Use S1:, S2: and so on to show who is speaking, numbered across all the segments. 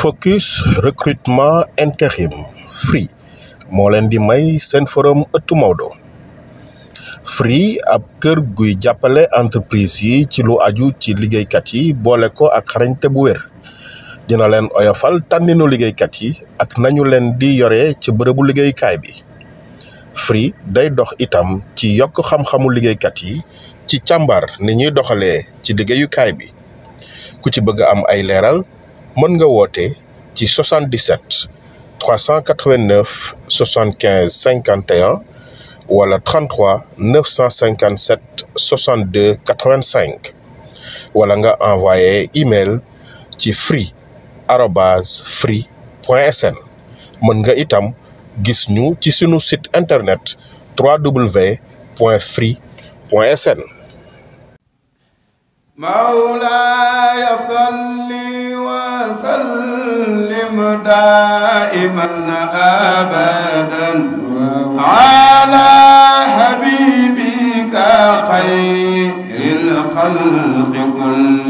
S1: focus recrutement intérim Free moo leen di may seen forum ëttu Maodo Free ab kër guy jàppale entreprise yi ci lu aju ci liggéeykat yi boole ko ak xarañte bu wér dina leen oyofal tànninu liggéeykat yi ak nañu leen di yore ci bërëbu liggéeykaay bi Free day dox itam ci yokk xam-xamu liggéeykat yi ci càmbar ni ñuy doxalee ci liggéeyukaay bi ku ci bëgg am ay leeral mën nga 77 389 75 51 wala 33 957 62 85 wala nga envoyé email ci free arrobase free point sn mën nga itam gis ñu ci site internet www.free.sn
S2: وسلم دائما أبدا على حبيبك خير الخلق كلهم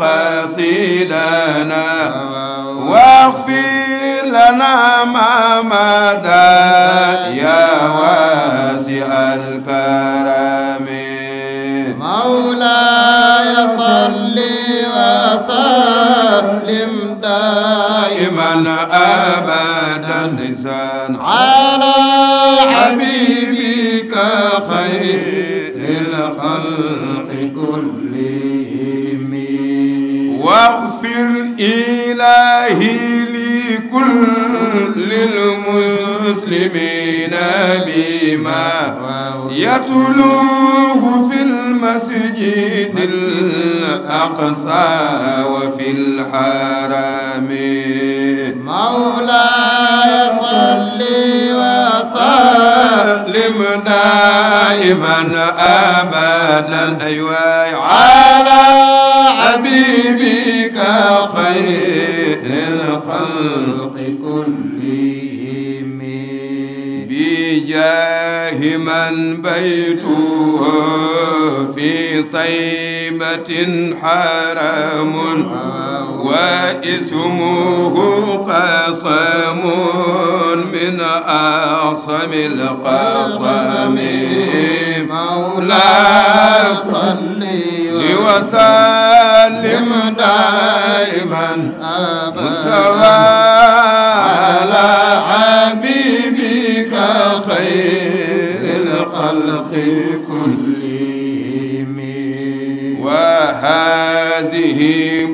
S2: قصيدنا آه. واغفر لنا ما مدى يا واسع الكرم
S3: مولاي صل وسلم دائما
S2: ابدا لسان
S3: على حبيبك خير
S2: لي كل المسلمين بما يتلوه في المسجد الأقصى وفي الحرام
S3: مولاي صلي وسلم
S2: دائما أبدا أيوة
S3: على حبيبك خير الخلق كلهم
S2: بجاه من بيته في طيبة حرم واسمه قاسم من أعصم القاسم مولاه صلي وسلم دائما مستوى
S3: على حبيبك خير الخلق كلهم
S2: وهذه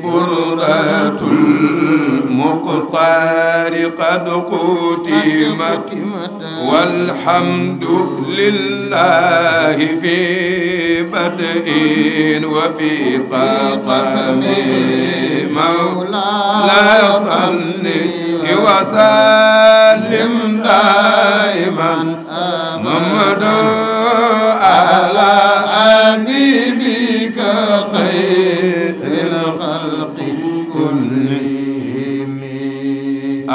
S2: بردة المقطار قد قتمت والحمد لله فيه بدء وفي قسم مولاي صل وسلم دائما محمد على
S3: أبي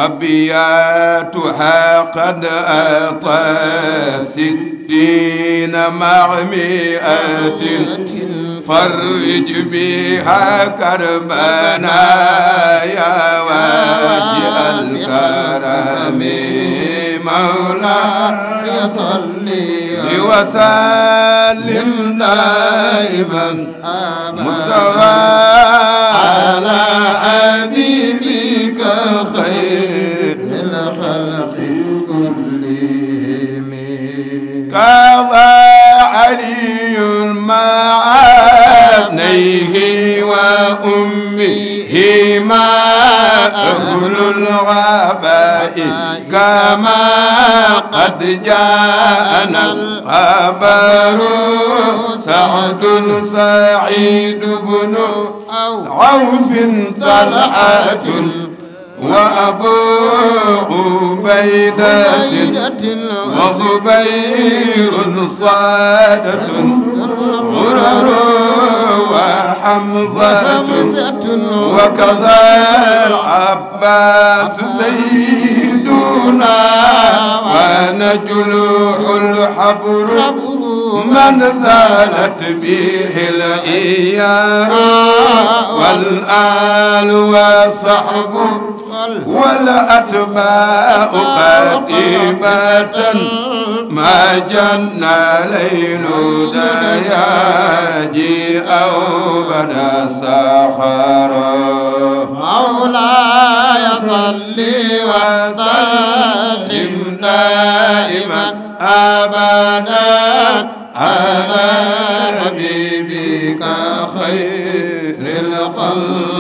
S2: أبياتها قد أعطى ستين مع فرج بها كربنا يا واسع الكرم مولاي صلي وسلم
S3: دائما مستوى على حبيبك خير من كلهم
S2: كذا علي مع ابنيه وأمه ما أهل الغباء كما قد جاءنا الخبر سعد سعيد بن عوف طلعة وأبو عبيدة وزبير صادة غرر وحمزة وكذا العباس سيدنا ونجلوح الحبر من زالت به الإيار والآل وصحبه ولا أتباع فاتمة آه، ما جنى ليل دياجي أو بدا سحرا
S3: مولاي صلي وسلم دائما أبدا على حبيبك
S2: خير
S3: القلب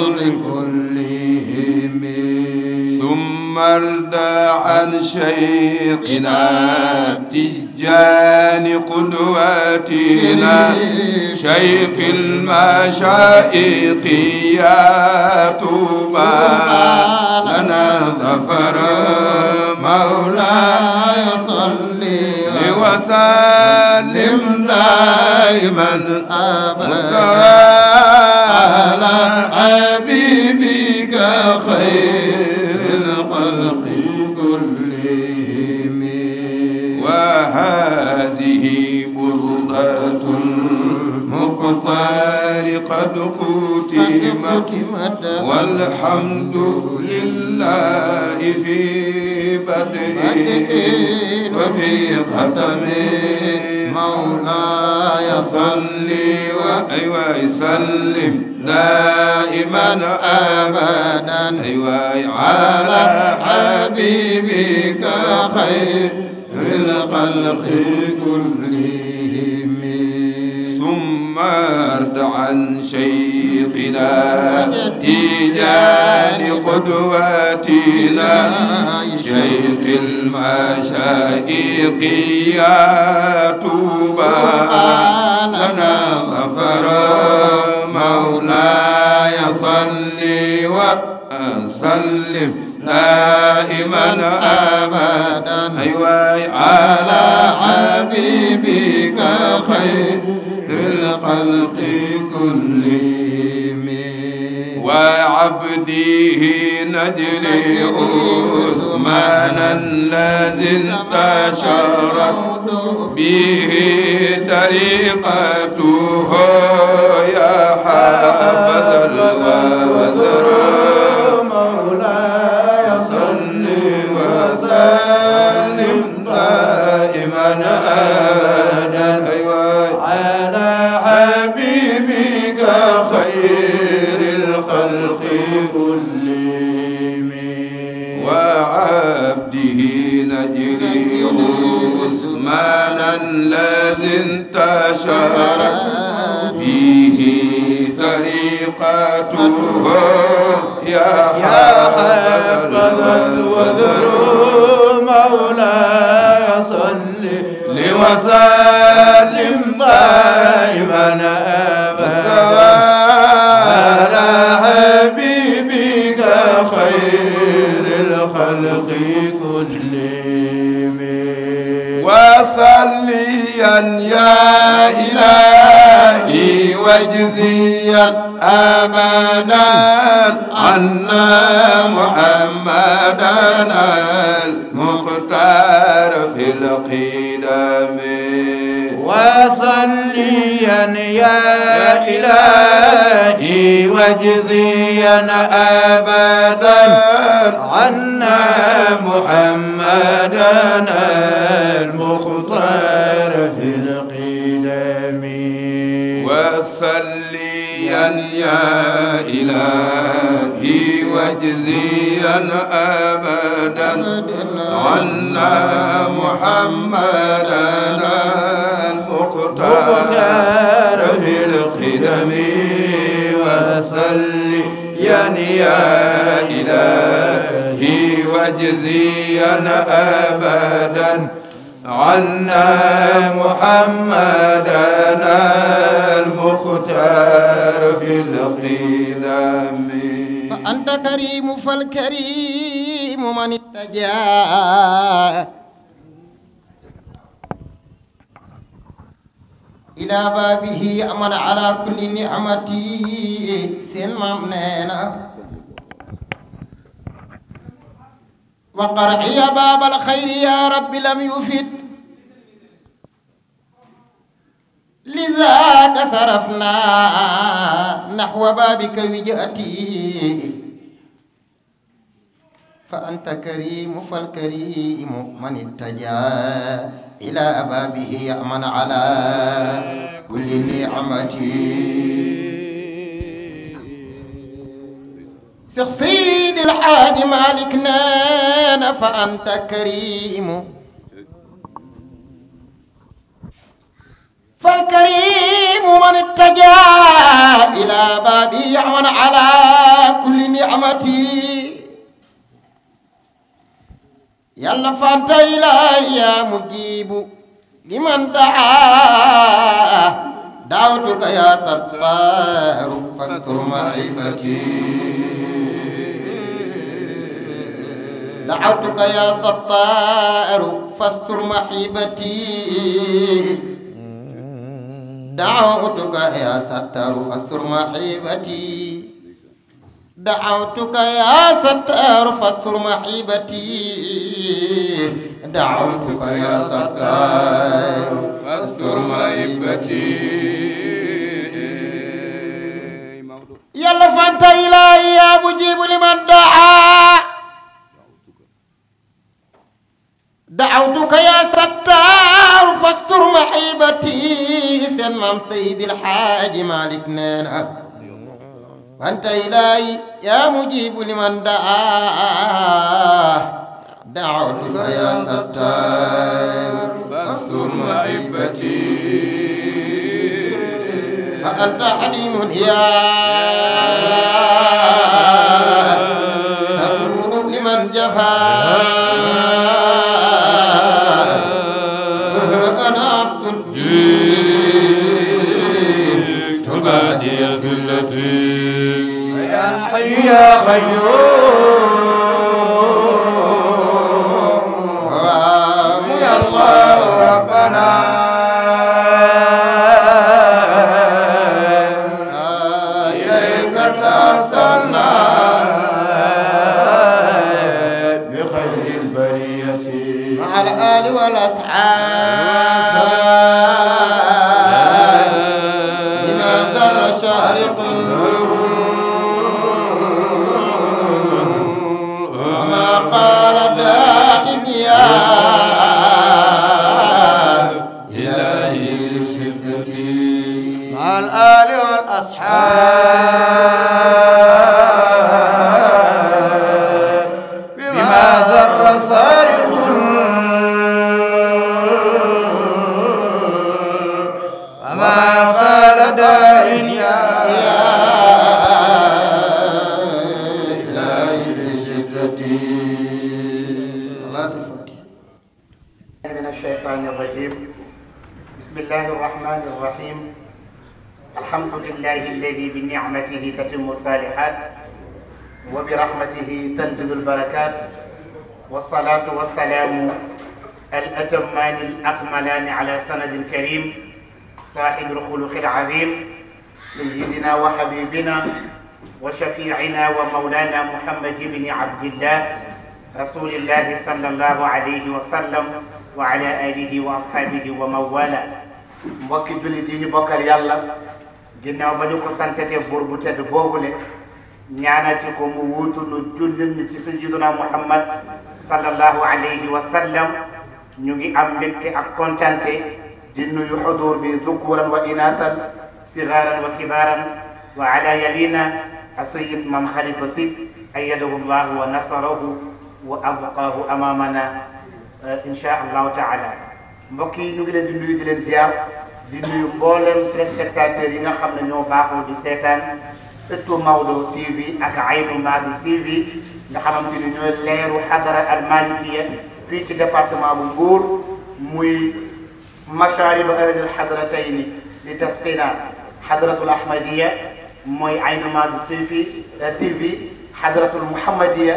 S2: مرضى عن شيخنا تجان قدواتنا شيخ المشائق يا طوبى لنا ظفر مولاي صلي وسلم دائما
S3: ابدا على حبيبك خير
S2: فارق القوت والحمد لله في بدئه وفي ختمه مولاي صلي وسلم دائما ابدا أيوة، على
S3: حبيبك خير الخلق كلهم
S2: عن شيقنا تيجان قدواتنا
S3: شيخ
S2: المشائق يا توبى لنا غفر
S3: مولاي صلي
S2: وسلم دائما ابدا ايوا على حبيبك خير الخلق كلهم وعبده نجري عثمانا الذي انتشرت به طريقته يا حافظ الله الذي انتشر به طريقته يا حبذا وذر مولاي صل وسلم دائما يا إلهي واجزيا أبدا عنا محمدا المختار في القدم وصليا يا إلهي واجزيا أبدا عنا محمدا
S3: المختار
S2: فليا
S3: يا إلهي
S2: وجزيا أبدا عنا محمدا أقتار في القدم وسليا يا إلهي وجزيا أبدا عنا محمدنا المختار في القدم
S3: فأنت كريم فالكريم من اتجاه إلى بابه أمن على كل نعمة سلمنا وقرعي باب الخير يا رب لم يفد لذاك صرفنا نحو بابك وجأتي فأنت كريم فالكريم من اتجا إلى بابه يأمن على كل نعمتي شيخ سيد الحاج مالكنا فأنت كريم فالكريم من اتجا إلى بابي يعون على كل نعمتي يلا فانت إلهي يا مجيب لمن دعا دعوتك يا ستار فاستر معيبتي دعوتك يا ستار فاستر محيبتي دعوتك يا ستار فاستر محيبتي دعوتك يا ستار فاستر محيبتي دعوتك
S2: يا ستار فاستر محيبتي
S3: يلا فانت إلهي يا مجيب لمن دعا دعوتك يا ستار فاستر محيبتي سن سيد الحاج مالك نانا وانت الهي يا مجيب لمن دعاه دعوتك يا ستار فاستر محيبتي فأنت حليم يا ستور لمن جفاه ya Hayyu
S4: من الشيطان الرجيم بسم الله الرحمن الرحيم الحمد لله الذي بنعمته تتم الصالحات وبرحمته تنجد البركات والصلاة والسلام الأتمان الأكملان على سند الكريم صاحب الخلق العظيم سيدنا وحبيبنا وشفيعنا ومولانا محمد بن عبد الله رسول الله صلى الله عليه وسلم وعلى آله وأصحابه وموالا مبكي جولي ديني بكر يالا جنة وبنكو سنتك بربوتة بوغولة نعنتك موت نجل نتسجدنا محمد صلى الله عليه وسلم نجي أمبكي أكونتانتي جنة يحضر بذكورا وإناثا صغارا وكبارا وعلى يلينا السيد مام خليفه سيد أيده الله ونصره وأبقاه أمامنا incha allahu taala mbokk yi ñu ngi leen di nuyu di leen ziar di nuyu mboolem téléspectateurs yi nga xam ne ñoo baaxoo di seetaan ëttu Maodo TV ak Aynu Maadi TV nga xamante ni ñooy leeru xadara al malikiya fii ci département bu Mbour muy masharib ahlil xadaratayni li tasqina xadaratul ahmadiya mooy Aynu Maadi TV TV xadaratul muhammadiya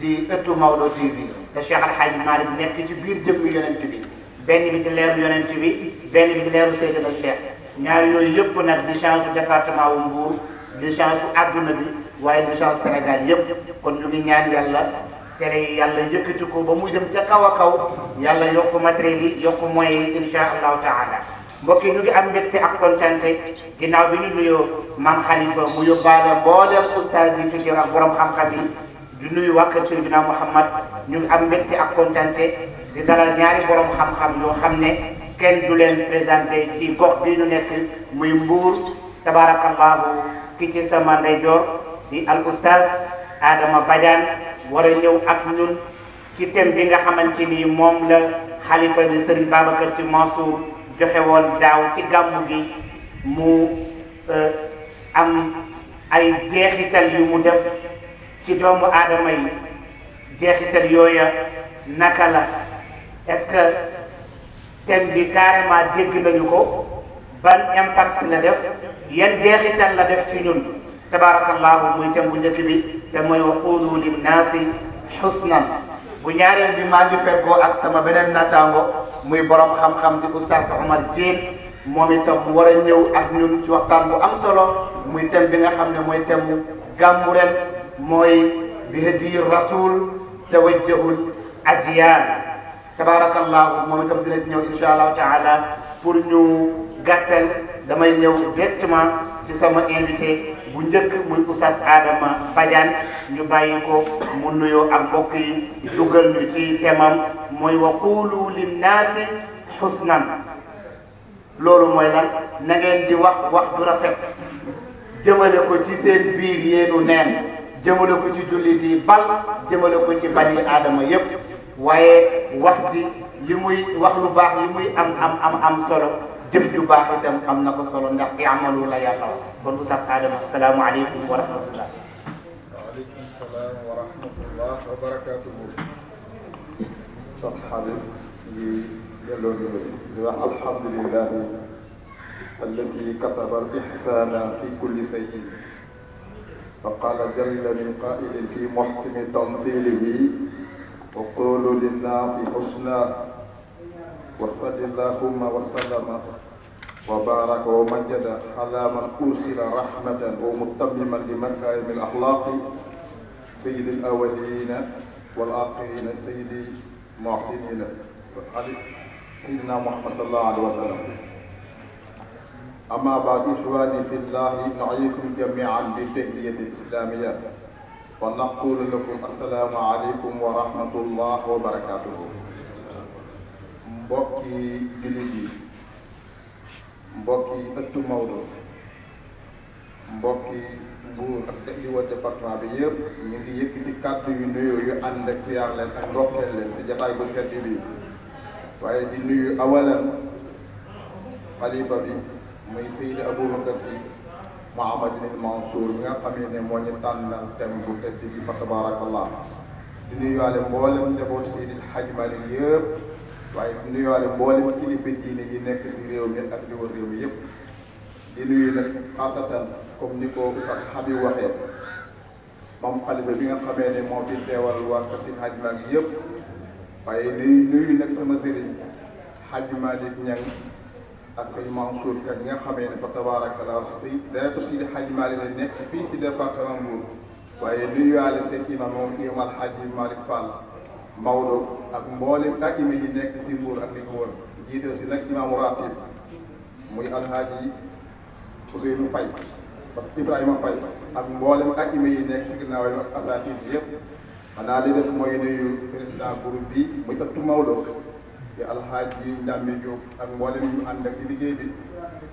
S4: di ëttu Maodo TV. te Cheikh Al Hadj Malick nekk ci biir jëmmi yonent bi benn bi di leeru yonent bi benn bi di leeru Seydina Cheikh ñaar yooyu yëpp nag di chance su département wu Mbour di chance su àdduna bi waaye di chance Sénégal yëpp kon ñu ngi ñaan yàlla télé yi yàlla yëkkati ko ba mu jëm ca kaw a kaw yàlla yokk matériel yi yokk moyens yi insha allahu taala mbokk yi ñu ngi am mbégte ak kontante ginnaaw bi ñu nuyoo maam Khalifa mu yóbbaale mboolem oustaz yi fi ak borom xam-xam yi di nuyu waa kër Seydina Muhammad ñu am mbégte ak kontante di dalal ñaari borom xam-xam yoo xam ne kenn du leen présenté ci gox bi ñu nekk muy Mbour tabarakallahu ki ci sama ndeyjoor di al oustaz Adama Badiane war a ñëw ak ñun ci thème bi nga xamante ni moom la xalifa bi Serigne Babacar Sy Mansour joxe woon daaw ci gàmmu gi mu am ay jeexital yu mu def ci doomu aadama yi jeexital yooya naka la est-ce que thème bi carrément dégg nañu ko ban impact la def yan jeexital la def ci ñun tabarakallahu muy thème bu njëkk bi te mooy wa qulu linnaasi xusnan bu ñaareel bi maa ngi fekkoo ak sama beneen nataango muy borom xam-xam di oustaz Omar Dieng moom itam mu war a ñëw ak ñun ci waxtaan bu am solo muy thème bi nga xam ne mooy thème gàmmu ren mooy bi hadiyi rasul tawajjahul ajyaan tabarakallahu moom itam dina ñëw insha allahu taala pour ñu gàttal damay ñëw directement ci sama invité bu njëkk muy oustaz Adama Badiane ñu bàyyi ko mu nuyoo ak mbokk yi dugal ñu ci temam mooy waqulu linnaasi xusnan loolu mooy lan na ngeen wax wax du rafet jëmale ko ci seen biir yéenu neen jëmale ko ci jullit bal jëmale ko ci bani aadama yépp waaye wax di li muy wax lu baax li am am am am solo jëf ju baax itam am na ko solo ndax amalu la yàlla wax kon bu sax aadama asalaamualeykum alaykum
S1: wa rahmatullah wa barakatuhu sax فقال جل من قائل في محكم تنطيله وقولوا للناس حسنا وصل اللهم وسلم وبارك ومجد على من أرسل رحمة ومتمما لمكارم الأخلاق سيد الأولين والآخرين سيدي محسنين سيدنا محمد صلى الله عليه وسلم أما بعد إخواني في الله نعيكم جميعا بالتحية الإسلامية ونقول لكم السلام عليكم ورحمة الله وبركاته mbokki jullit yi mbokki ëttu Maodo mbokki Mbuur ak li wër département bi yëpp ñu ngi yëkkati kàddu yu nuyoo yu ànd ak siyaar leen ak ndokkeel leen si jataay bu tedd bi waaye di nuyu awalan xalifa bi muy Seydi Aboubacar Sy Mouhamadinil Mansour bi nga xamee ne moo ñu tànnal thème bu tedd bi fa tabarakallah di nuyuwaale mboolem njaboot Seydi El Hadj Malick yëpp waaye di nuyuwaale mboolem kilifa diine yi nekk si réew mi ak li wër réew yëpp di nuyu nag xasatan comme ni ko sax Habib waxee moom xalifa bi nga xamee moo fi teewal waa kër si Hadj yëpp waaye nuyu nuyu nag sama sëriñ Hadj Malick ak sëñ Mansour ka ñi nga xamee ne fa tabaarakallaahu si dara ko Seydi Hadji Malick la nekk fii si département Mbour waaye nuyuwaale seen imam moom imal Hadji Malick Fall Maodo ak mboolem ak imam yi nekk si Mbour ak li ko wër jiital si nag imaamu ratib muy alhaaji Ousseynou Faye ak Ibrahima Faye ak mboolem ak imam yi nekk si ginnaaw yi ak asaatiis yëpp xanaa li des mooy nuyu président groupe bi muy ëttu Maodo di alxaaji Ndambi Diop ak mboolem ñu ànd ak si liggéey bi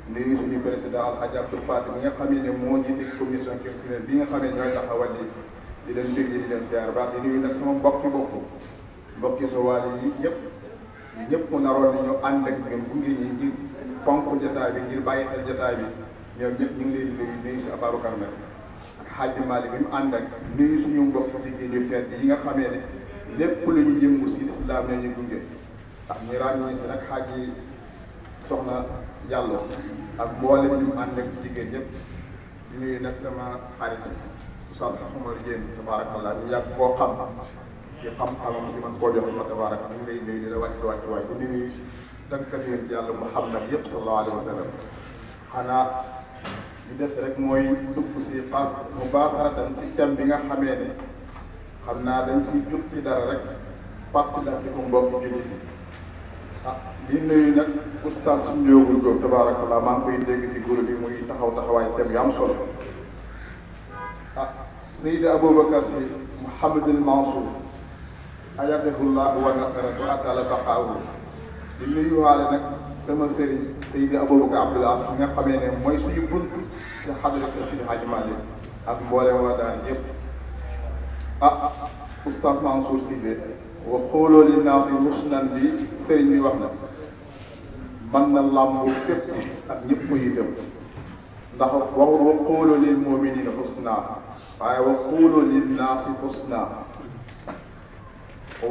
S1: nuyu suñu président alxaaji Abdou Fatou bi nga xamee ne moo jiite commission culturelle bi nga xamee ñooy taxawal yi di leen déggee di leen siyaar baax di nuyu nag sama mbokki bopp mbokki sowaali yi ñu ànd ak ngir fonk jataay bi ngir ñu ngi leen nuyu nuyu si Ababacar nag bi suñu mbokk jigéen yu fedd yi nga xamee ne lépp lu ñu jëngu si lislaam ne ñu gunge ndax ñu ràññee si nag xaaj yi soxna Diallo ak mboolem ñu ànd ak jigéen ñëpp di nuyu nag sama xarit Oustaz Oumar Diène tabaarakallah ñu yàgg koo xam si xam-xamam si man koo jox ma tabaarak ñu ngi lay nuyu di la wàcc sa wàcc waay Yàlla Muhammad yëpp sallallahu alayhi wa sallam xanaa li des rek mooy dugg si paas mu si thème bi nga xamee ne xam naa dañ si jub ci dara rek fàttali di ko mbokk jullit yi di nuyu nag oustaz Ndiogou Diop tabaarakallaa maa ngi koy dégg si groupe bi taxaw taxawaay thème yu am solo ah, si Mouhamadul Mansour ayadahullahu wa nasarahu atala baqaahu di nuyu waale nag sama sëriñ Seydi Aboubacar Abdoul Aziz bi nga xamee ne mooy suñu bunt si xadrata Seydi Hadji waa daal yëpp ah, ah, ah oustaz Mansour Cissé وقولوا للناس مشنا دي سيني وحنا من الله مكتب نبقى يدم وقولوا للمؤمنين حسنا فاي وقولوا للناس حسنا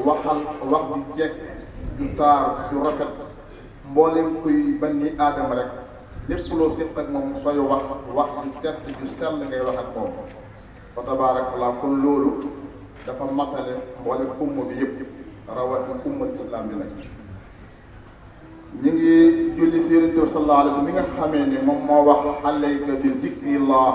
S1: وحل وقت جك جتار شركة مولم كي بني آدم لك لفلو سيقن من صوي وقت وقت جك جسل لك وقت مو فتبارك الله كل لولو dafa matale wala umma bi yëpp rawatina umma islam bi nag ñu ngi julli si yonente bi sallallahu alayhi mi nga xamee ni moom moo wax alayka bi zikrillah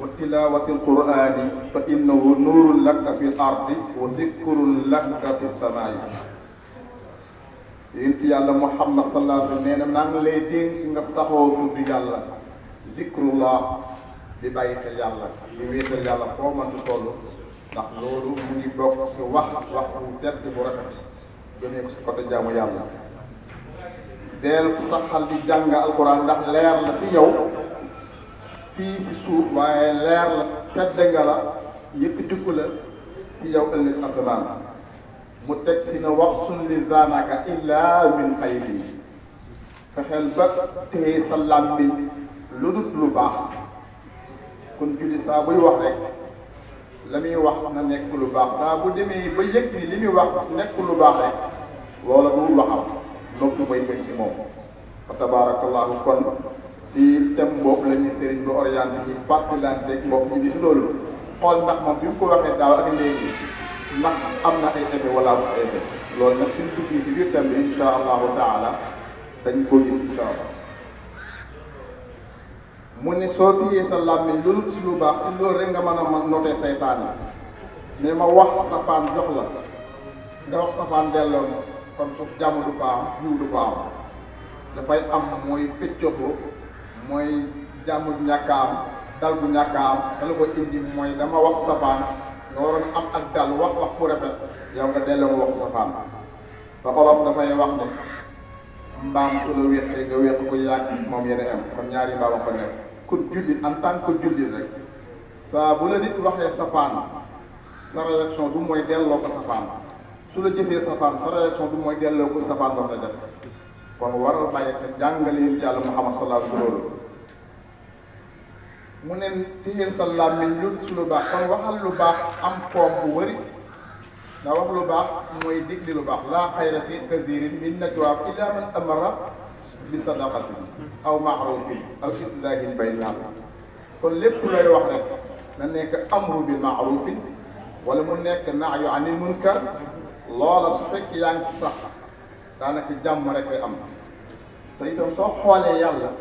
S1: wa tilawati alqurani fa innahu nuurun laka fi l ardi wa zikrun laka fi samaai yonent yàlla muhammad sallallahu alayhi nee na maa ngi lay dénk nga saxoo tudd yàlla zikrullah di bàyyi xel yàlla di wéetal yàlla foo mënti toll ndax loolu mu ngi bokk si wax wax bu tedd bu rafet jëmee ko si côté jaamu yàlla deel saxal di jàng alxuraan ndax leer la ci yow fii si suuf waaye leer la tedd nga la yëkkatiku la si yow ëllëg asamaan mu teg si na waxsun lisaanaka illaa min xayri fexeel ba téye sa làmmiñ lu dul lu baax kon julli saa buy wax rek la muy wax na nekk lu baax saa bu demee ba yëg ni li muy wax nekk lu baax rek loola du waxam nopp mooy gën si moom fa tabarakallahu kon ci thème boobu la ñuy sëriñ bi orienté ci fàttalante mbokk ñu gis loolu xool ndax moom bi ko waxee daaw ak léegi ndax am na ay effet wala bu effet loolu nag suñ dugg si biir thème bi insha allahu taala dañ ko gis insha allah mu ne soo téyee sa làmmiñ lu ci lu baax si loolu rek nga mën a mën noté saytaan yi ne ma wax safaan jox la nga wax safaan delloo ma kon foofu jàmm du fa du fa am dafay am mooy pëccëxoo mooy jàmm bu ñàkk a am dal bu ñàkk a am ko indi mooy dama wax safaan nga waroon am ak dal wax wax bu rafet yow nga delloo ma waxu safaan ba olof dafay wax ne mbaam su la wéexee nga wéex ko yàgg moom yene am kon ñaari mbaam a fa nekk ku jullit en tant que jullit rek saa bu la nit waxee safaan sa réaction du mooy delloo ko safaan su la jëfee safaan sa mooy delloo ko safaan ba nga def kon waral bàyyi xel jàngale yi yàlla Muhammad sallallahu alayhi wa sallam mu ne téyeel sa làmmiñ lu lu baax kon waxal lu baax am koom bu wëri ndax wax lu baax mooy digli lu baax laa xayra fi kasiirin min najwaahum illaa man amara بصدقة أو معروف أو إصلاح بين الناس كل لب كل واحد منك أمر بالمعروف ولمنك نعي عن المنكر الله سبحانه يعني صح لأنك جم مرك أم تريد أن تحول يا الله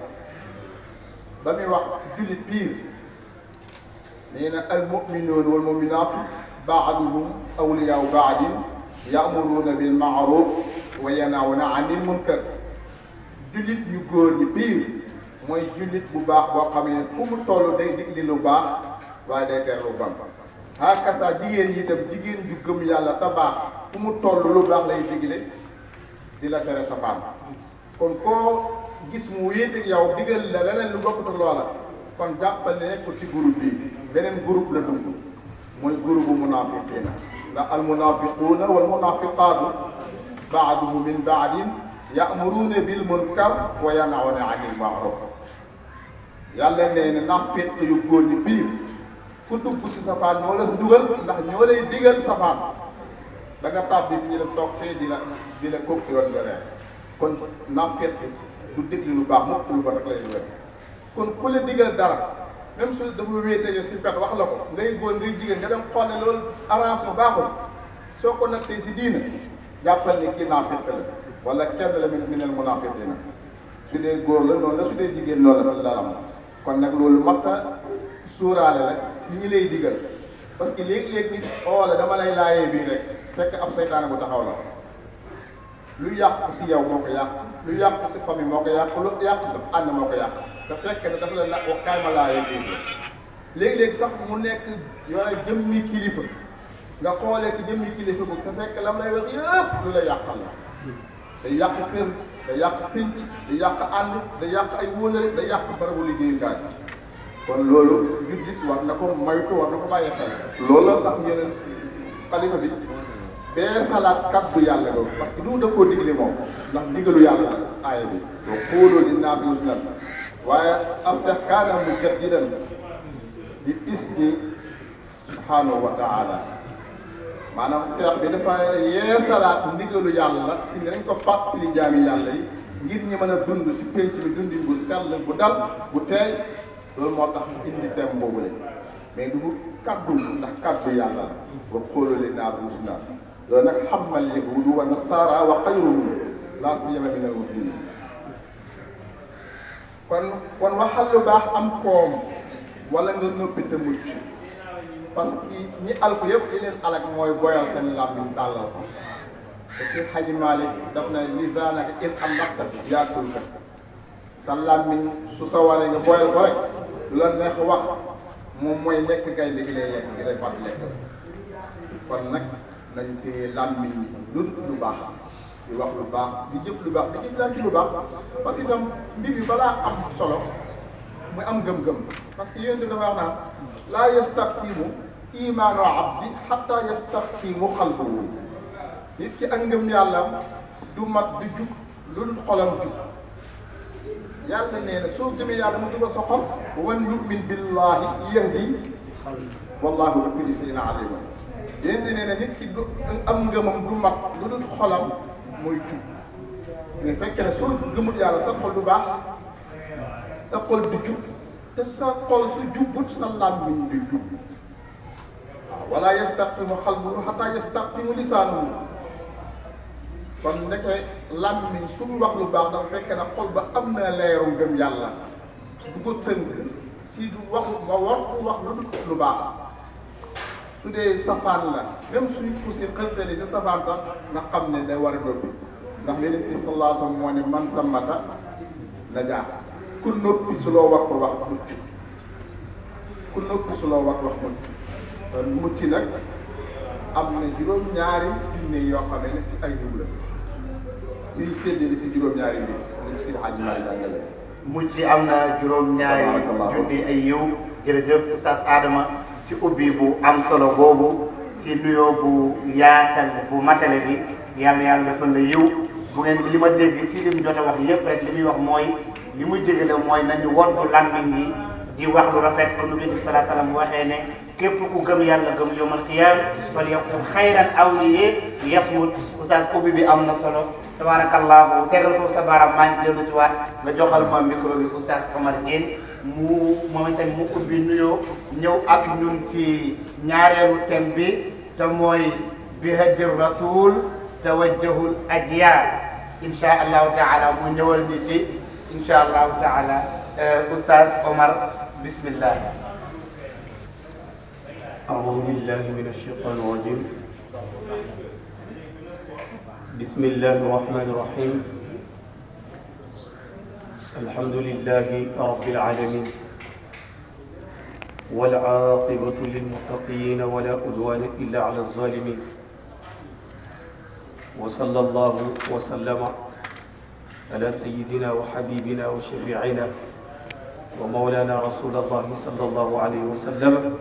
S1: بمن وقت جل بير من المؤمنون والمؤمنات بعضهم أولياء بعض يأمرون بالمعروف وينهون عن المنكر julit yu góor yi biir mooy jullit bu baax boo xam ne fu mu toll day digli lu baax waaye day ter lu bon hakasa jigéen yi itam jigéen ju gëm yàlla te baax fu mu toll lu baax lay digle di la tere sa baan kon koo gis mu wéeteeg yow digal la leneen lu bokkut loola kon jàppal ne nekkul si groupe bi beneen groupe la dugg mooy groupe bu munaafiqiina al munaafiquuna wal munaafiqaatu baaduhu min baadin ya'muruuna bil munkar wa yanhawna anil ma'ruf yàlla nee na ndax fett yu góor ñi biir fu dugg si safaan ñoo la si dugal ndax ñoo lay digal safaan da tàbbi si ñu la toog fee di la di la kóob yoon nga kon ndax fett lu baax moom lu ba rek lay dugal kon ku la digal dara même su dafa wéete si pet wax la ko ngay góor ngay jigéen nga dem xool ne loolu bu baaxul soo ko nattee si diina jàppal ne kii naa fett la wala kenn la min minal munafiqina su dee góor la noonu la su dee jigéen loolu la fa lalam kon nag loolu matta suuraale la li ñu lay digal parce que léegi-léegi nit oo oh, la dama lay laayee bii rek fekk ab seytaane bu taxaw la lu yàq si yow moo ko yàq lu yàq si famille moo ko yàq lu yàq si ànd moo ko yàq te fekk na dafa la la wax oh, kaay ma laayee bii léegi-léegi sax mu nekk yore jëmmi kilifa nga xoolee ko jëmmi kilifa bu te fekk lam lay wax yëpp lu la day yàq kër day yàq pénc day yàq ànd day yàq ay wóolare day yàq barabu liggéeyukaay kon loolu ngir dit war na ko moytu war na ko bàyyi xel loolu la tax ñeneen xalifa bi bee salaat kaddu yàlla boobu parce que du da koo digle moom ndax digalu yàlla la aaya bi boo xóoloo di naas lu nan waaye asex kaana mujaddidan di isni subhanahu wa taala maanaam seex bi dafa yeesalaat ndigalu yàlla si nañ ko fàttali jaami yàlla yi ngir ñi mën a dund si pénc bi dundin bu sell bu dal bu teey loolu moo tax indi thème boobu la mais du kaddu ndax kaddu yàlla la ba xóolale naa buus naa loolu nag xamal yahudu wa nasaara wa xayruhum laa kon kon waxal lu baax am koom wala nga noppi te mucc parce que ñi alku yëpp li leen alak mooy boyal seen làmmiñ tàllal ko te si xaji Malick daf na lisaanaka in am ndaxta yaakul ko sa làmmiñ su sa waree nga boyal ko rek lu la neex wax moom mooy lekk kay li gi lay lekk gi lay fàtt lekk kon nag nañ téye làmmiñ bi lu lu baax di wax lu baax di jëf lu baax di jëf laa ci lu baax parce que itam mbir bi balaa am solo mu am gëm-gëm parce que yéen dafa wax لا يستقيم إيمان عبد حتى يستقيم قلبه نيت كي انغم يالا دو مات دو جوك لول خولام جوك يالا نينا سو گيم يالا مو دوبال سو خول وان نؤمن بالله يهدي والله رب سينا عليه دين دي نينا نيت كي دو ام گم ام دو مات لول خولام موي جوك مي فكنا سو گيم يالا سا خول دو باخ سا خول دو جوك te sa xol su jubut sa làmmiñ di jub waaw wala yastaqimu qalbuhu hatta yastaqimu lisaanuhu kon ndeke làmmiñ su mu wax lu baax dafa fekk na xol ba am na leeru ngëm yàlla du ko tënk si du waxu ma war ku wax lu lu baax su dee safaan la même suñu poussé xëltali si safaan sax nga xam ne day war a doppi ndax yeneen bi sallallahu moo ne man samata najaa ku noppi su loo waxul wax mucc ku noppi su loo wax wax mucc kon nag am na juróom-ñaari junne yoo xam ne si ay yiw la yu ñu séddale si juróom-ñaari yi ñu
S4: am na juróom-ñaari junne ay yiw jërëjëf oustaz Adama ci ubbi bu am solo boobu ci nuyoo bu yaatal bu matale bi yàlla yàlla defal la yiw bu ngeen li ma dégg ci lim jot wax yépp rek li muy wax mooy li mu jégale mooy nañu wontu làmmiñ yi di wax lu rafet comme ni bi salaa waxee ne képp ku gëm yàlla gëm yawmal qiyaam fal yaqul xayran aw yasmut oustaz ubbi bi am na solo tabaarakallaahu tegal foofu sa baaraam maa ngi dellu si waat nga joxal ma micro bi oustaz Omar Diène mu moom mu ubbi nuyoo ñëw ak ñun ci ñaareelu thème bi te mooy bihadi rasul tawajjahul ajyaar allahu taala mu ñëwal ñu ci. ان شاء الله تعالى آه، استاذ عمر بسم الله
S5: أعوذ بالله من الشيطان الرجيم بسم الله الرحمن الرحيم الحمد لله رب العالمين والعاقبة للمتقين ولا أدوان إلا على الظالمين وصلى الله وسلم على سيدنا وحبيبنا وشفيعنا ومولانا رسول الله صلى الله عليه وسلم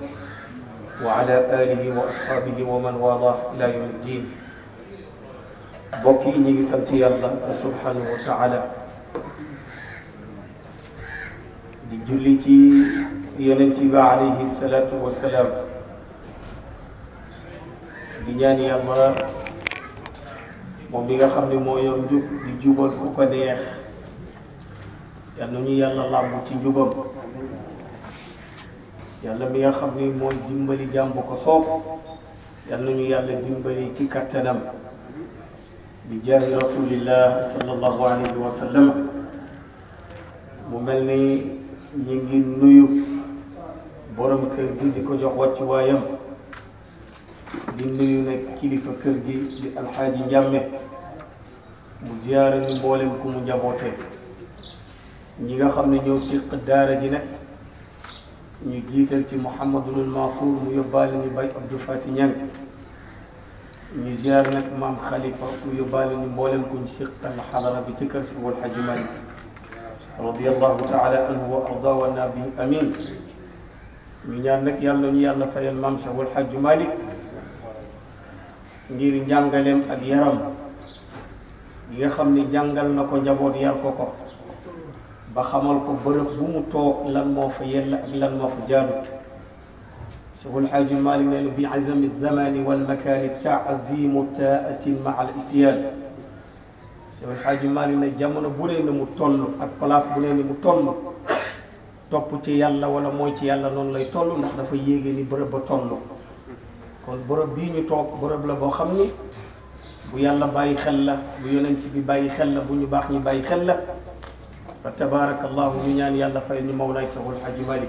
S5: وعلى اله واصحابه ومن والاه الى يوم الدين بوكي نيغي سانتي الله سبحانه وتعالى دي جوليتي يونتي عليه الصلاه والسلام دي ياني الله moom bi nga xam ne moo yor njub di jubal ku ko neex yal na ñu yàlla làmb ci njubam yàlla mi nga xam ni mooy dimbali jàmb ko soob yal na ñu yàlla dimbali ci kattanam bi jaahi rasulillah sallallahu alayhi wa mu mel ni ñi ngi nuyu borom kër gi di ko jox wàccuwaayam di nuyu nag kilifa kër gi di alxaaji njàmme mu ziyaara ñu mboolem ku mu njabootee ñi nga xam ne ñëw siq daara ji nag ñu jiital ci Mouhamadul Mansour mu yóbbaale ñu bay Abdou Fati Ñang ñu ziyaar nag maam Khalifa mu yóbbaale ñu mboolem ku ñu siqal xadara bi ci kër si wal Xaji Malik radiyallahu taala anhu wa arda wa nabi amin ñu ñaan nag yàlla ñu yàlla fayal maam Cheikh wal Xaji Malik ngir njàngaleem ak yaram yi nga xam ni jàngal na ko njaboot yar ko ko ba xamal ko bërëb bu mu toog lan moo fa yell ak lan moo fa jaadu Seexul Xaaji Maalik nee na bi azami zamani wal makaani taazimu taatin ma al isyaan Seexul Xaaji Maalik ne jamono bu nee ni mu toll ak place bu nee ni mu toll topp ci yàlla wala mooy ci yàlla noonu lay toll ndax dafa yéege ni bërëb ba toll kon bërëb bi ñu tok bërëb la bo xamni bu yàlla bàyyi xel la bu yonent bi bàyyi xel la bu ñu bax ñi bàyyi xel la fa tabaarakallahu ñu ñaan yàlla fay ñu mawlay sahul haji Malik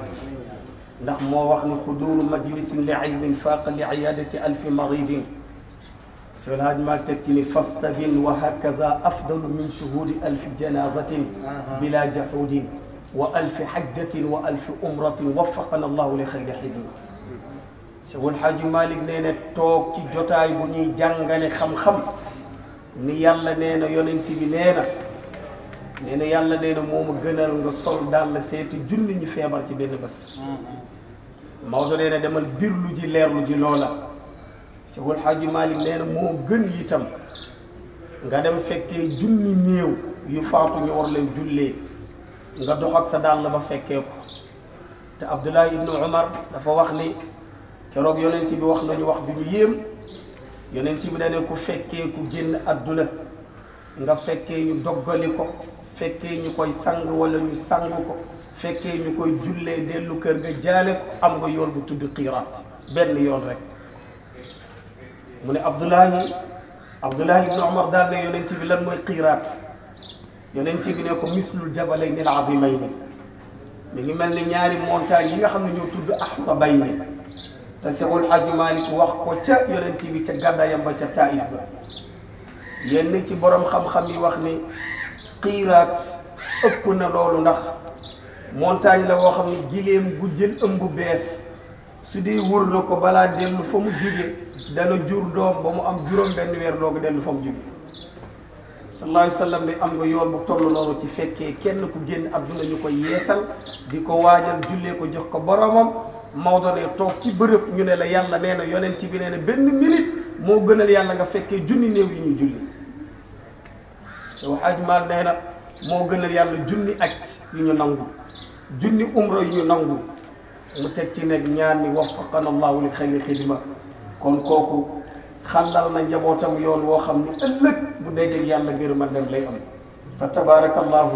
S5: ndax mo wax ni khudur majlis li ilmin faq li iyadati alf marid Seyxul haji Malik teg ci ni fastabin wa hakaza afdalu min shuhud alf janazah bila jahuudin wa alfi hajjatin wa alfi umratin waffaqana allahu li xayri xidma Sewul Hadji Malick nee na toog ci jotaay bu ñuy jàngale xam-xam ni yàlla nee na yonent bi nee na nee na yàlla nee na moo ma gënal nga sol dàll seeti junni ñu feebar ci benn bés. Maodo nee na demal birlu ji leerlu ji loola Sewul Hadji Malick nee na moo gën itam nga dem fekkee junni néew yu faatu ñu war leen jullee nga dox ak sa dàll ba fekkee ko te Abdoulaye Ibn Omar dafa wax ni. keroog yonent bi wax nañu wax bi ñu yéem yonent bi dane ku fekkee ku génn àdduna nga fekkee ñu doggali ko fekkee ñu koy sang wala ñu sang ko fekkee ñu koy jullee dellu kër ga jaale ko am nga yoon bu tudd xiiraat benn yoon rek mu ne abdoulahi abdoulahi ibne omar daal ne yonent bi lan mooy xiiraat yonent bi ne ko mislul jabalayni al azimayni mi ngi mel ni ñaari montagne yi nga xam ne ñoo tudd ahsabayni te Seyxul Hajji Maalik wax ko ca yonent bi ca gàddaayam ba ca Taif ba yenn ci boroom xam-xam yi wax ni xiiraat ëpp na loolu ndax montagne la woo xam ne gileem gu jël ëmb bees su dee wër na ko balaa dellu fa mu jóge dana jur doom ba mu am juróom benn weer doogu dellu fa mu jóge sallallahu alayhi wa am nga yoon bu toll loolu ci fekkee kenn ku génn àdduna ñu ko yeesal di ko waajal jullee ko jox ko boromam Maodo tok ci beurep ñu ne la yàlla neena na yonent bi neena na benn minute mo gënal yàlla nga fekke jooni néew yi ñuy julli so Hajji neena mo gënal yàlla jooni acc yi ñu nangu jooni umra yi ñu nangu mu tek ci nek ñaan ni waffaqana allah li xayri khidma kon koku xandal na njabotam yoon wo xamni ëlëk bu bu ak yàlla gërëma dem lay am fa tabarakallah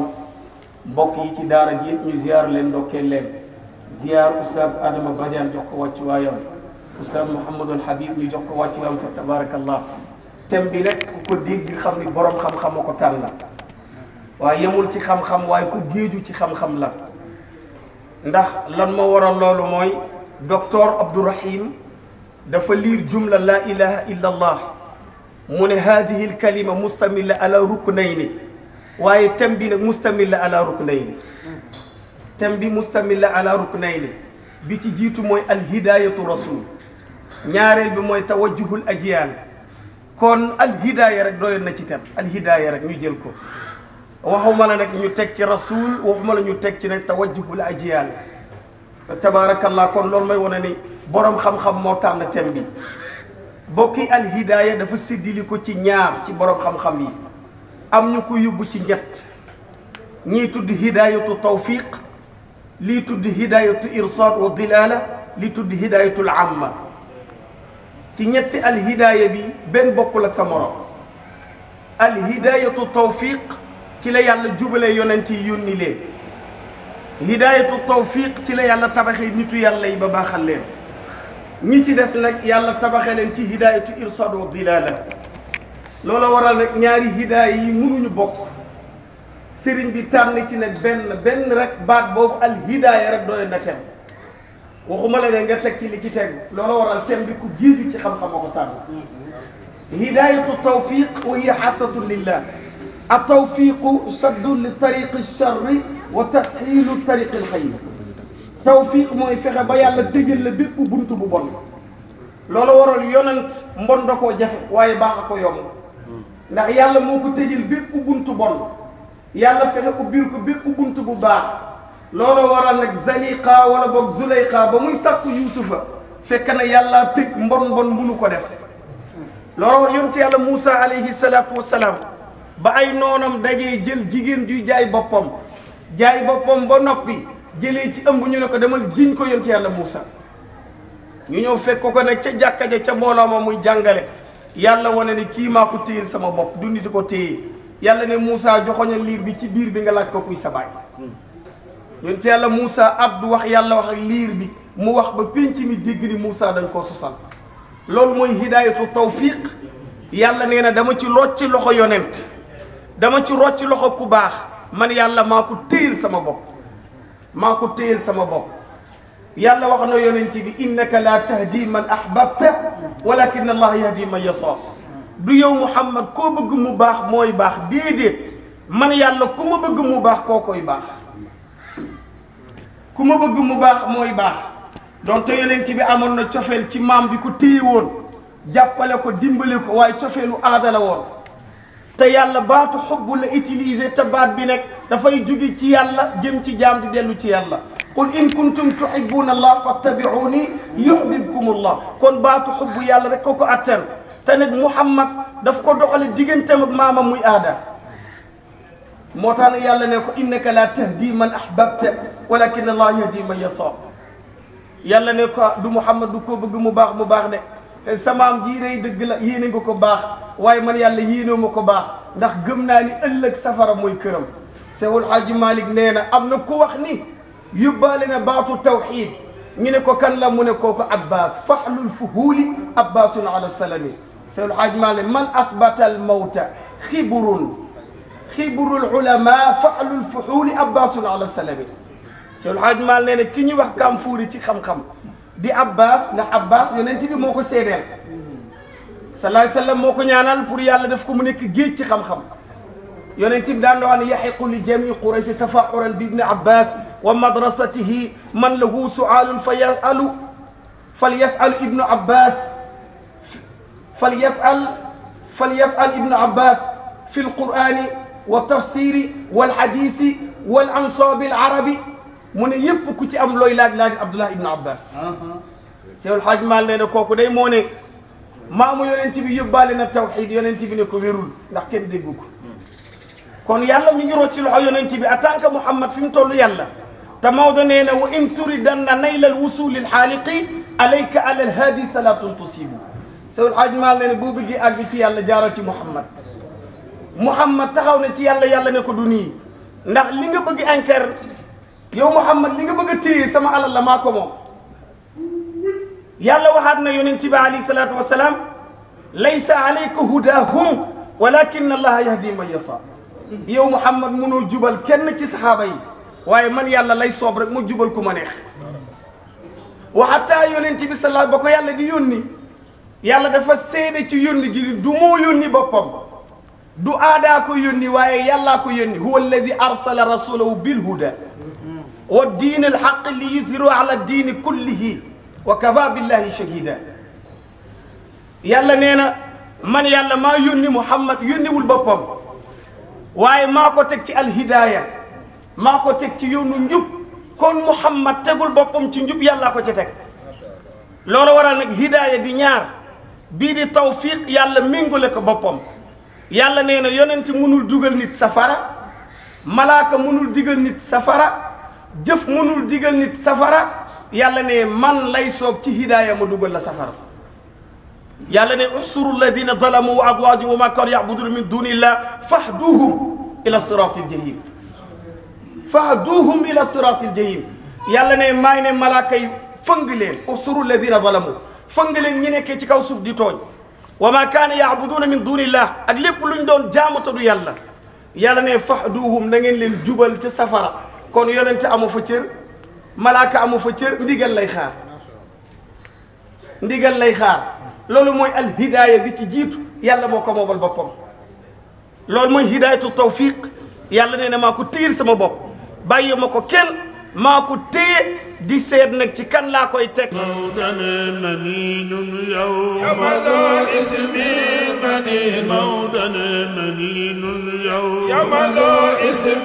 S5: mbokk yi ci daara ji ñu ziar leen ndokkee leen زيار استاذ ادم بديان جوكو واتي وايام استاذ محمد الحبيب ني جوكو واتي وايام فتبارك الله تم بي نك كوكو ديغ بي خامني بوروم خام خام مكو تالا واي يمول تي خام خام واي كو جيجو تي خام خام لا نده لان ما ورا لولو موي دكتور عبد الرحيم دا فا لير جمله لا اله الا الله من هذه الكلمه مستمله على ركنين واي تم بي مستمله على ركنين thème bi mustamil la ala ruknayni bi ci jiitu mooy rasul ñaareel bi mooy tawajjuhul ajiyaan kon alhidaaya rek doyoon na ci thème alhidaaya rek ñu jël ko waxuma la nag ñu teg ci rasul waxuma la ñu teg ci nag tawajjuhul ajiyaan fa tabarakallah kon loolu may wane ni borom xam-xam moo tànn thème bi bokki alhidaaya dafa séddili ko ci ñaar ci borom xam-xam yi am ñu ko yóbbu ci njett ñii tudd hidayatu tawfiq لي تدي هداية إرصاد وضلالة لي تدي هداية العامة تنيت الهداية بي بين بقولك سمرة الهداية التوفيق تلا يالا جبل يوننتي يوني لي هداية التوفيق تلا يالا تبخي نتو يالا يبابا خلين نتي دس نك يالا تبخي لنتي هداية إرصاد وضلالة لولا ورا نك نياري هداية منو نبقو sëriñ bi tànn ci nag benn benn rek baat boobu al hidaaya rek doyoon na thème waxuma la ne nga teg ci li ci tegu loolu waral thème bi ku jiitu ci xam-xam a ko tànn hidaayatu tawfiq wa hiya xasatu lillah al tawfiqu saddu li tariqi charri wa tasxiilu tariqi alxayr tawfiq mooy fexe ba yàlla tëjal la bépp bunt bu bon loolu waral yonent mbon da koo jafe waaye baax a ko yomb ndax yàlla moo ko tëjal bépp buntu bon yàlla ko ubbil ko ku gunt bu baax looloo waral nag zaliqa wala boog zuleyqa ba muy sàkku yuusufa fekk na yàlla tëj mbon mbon mbunu ko def looloo war yonent yàlla Moussa alayhi salaatu wasalaam ba ay noonam dajee jël jigéen juy jaay boppam jaay boppam ba noppi jëlee ci ëmb ñu ne ko demal jiñ ko yonent yàlla Moussa ñu ñëw fekk ko nag ca jàkka ja ca mbooloo ma muy jàngale yàlla wane ni kii maa ko sama bopp du nit ko téye yàlla ne Moussa joxoñal liir bi ci biir bi nga laaj ko kuy sa baay yonent yàlla Moussa Abdou wax yàlla wax ak liir bi mu wax ba pénc mi dégg ni Moussa dañ koo sosal loolu mooy hidaayatu tawfiq yàlla nee na dama ci rocc loxo yonent dama ci rocc loxo ku baax man yàlla maa ko téyel sama bopp maa ko téyel sama bopp yàlla wax na yonent bi innaka laa tahdi man ahbabta walakin allah yahdi man yashaa du Muhammad ko bëgg mu baax moy baax déedéet man yàlla ku ma bëgg mu baax koo koy baax ku ma bëgg mu baax mooy baax donte yonent bi amon na ciofel ci mam bi ko tey won jàppale ko dimbale ko way ciofelu adala won te yàlla baatu hubbu la utiliser te baat bi nek da fay jugi ci yàlla jëm ci jaam di delu ci yàlla قل إن كنتم تحبون الله فاتبعوني يحببكم الله كون باتو حب يالا رك كوكو attan تنك محمد داف دخل الدين تمد اك ماما موي ادم موتان يالا نكو انك لا تهدي من احببت ولكن الله يهدي من يشاء يالا نكو دو محمد دو كو بغ مو باخ ده سمام جي ري دغ لا يينه غوكو باخ واي مان يالا يينه مكو باخ داخ گمنا الك سفر موي كرم سيول حاج مالك نينا امنا كو واخ ني يبالنا التوحيد ني نكو لا مو نكو كو عباس فحل الفهول عباس على السلامي سيد الحاج مالي من اثبت الموت خبر خبر العلماء فعل الفحول عباس على السلام سيد الحاج مالي نك كي ني واخ كام فوري تي خم خم دي عباس نا عباس يونت بي موكو سيدل صلى الله عليه وسلم موكو نيانال بور يالا داف كو مو نيك جي تي خم خم يونت بي دان وان يحق لجميع قريش تفاخرا بابن عباس ومدرسته من له سؤال فيسال فليسال ابن عباس فليسأل فليسأل ابن عباس في القرآن والتفسير والحديث والأنصاب العربي من يب كتي أم لوي لاج لاج عبد الله ابن عباس سيد الحاج مال لنا كوكو داي موني ما مو يوننتي بي يبالنا التوحيد يولنتي بي نكو ويرول دا كين ديغوكو كون يالا ميغي روتي لو يوننتي بي اتانك محمد في تولو يالا تا نينا وان تريدنا نيل الوصول للحالق عليك على الهادي صلاه تصيبه سو الحاج مال نين بو بيغي اغ تي يالا جارو تي محمد محمد تخاو ني تي يالا يالا نكو دوني نده ليغا بيغي انكر يو محمد ليغا بيغا تي سما الله لا ماكو مو يالا وحات نا يونس تي علي صلاه والسلام ليس عليك هداهم ولكن الله يهدي من يشاء يو محمد منو جوبال كين تي صحابه واي من يالا لاي صوب رك مو جوبال كوما نيه وحتى يونس تي صلى الله عليه وسلم yàlla dafa seede ci yónni gi du moo yónni boppam du aadaa ko yónni waaye yàllaa ko yónni huwa alladi arsala rasulahu bilhuda wa diin alxaq li yuzhiru ala diini kullihi wa kafa billahi shahida yàlla nee na man yàlla maa yónni muhammad yónniwul boppam waaye maa ko teg ci alhidaaya maa ko teg ci yoonu njub kon muhammad tegul boppam ci njub yàllaa ko ci teg loolu waral nag hidaaya di ñaar bii di tawfiq yàlla méngale ko boppam yàlla nee na yonent mënul dugal nit safara malaaka mënul digal nit safara jëf mënul digal nit safara yàlla ne man lay soob ci hidaaya ma dugal la safara yàlla ne usuru alladina zalamu wa azwajuhum wa ma kanu yabuduna min dunillah fahduhum ila sirati aljahim fahduhum ila sirati aljahim yàlla ne maay ne malaaka yi fëng leen usuru alladina zalamu fongalen ñi nekk ci kaw suuf di tooñ wama ma kaana yaabuduuna min dunillah ak lépp luñ doon jaamata du yàlla yàlla ne fahduhum na ngeen leen jubal ca safara kon yonente amu fa cër malaaka amu fa cër ndigal lay xaar ndigal lay xaar loolu mooy al hidaaya bi ci jiitu yàlla moo ko moomal boppam loolu mooy hidaayatu tawfiq yàlla nee na maa ko sama bopp bàyyi ma ko kenn maa ko téye di seet nag ci kan laa koy teg mawdana maninun yow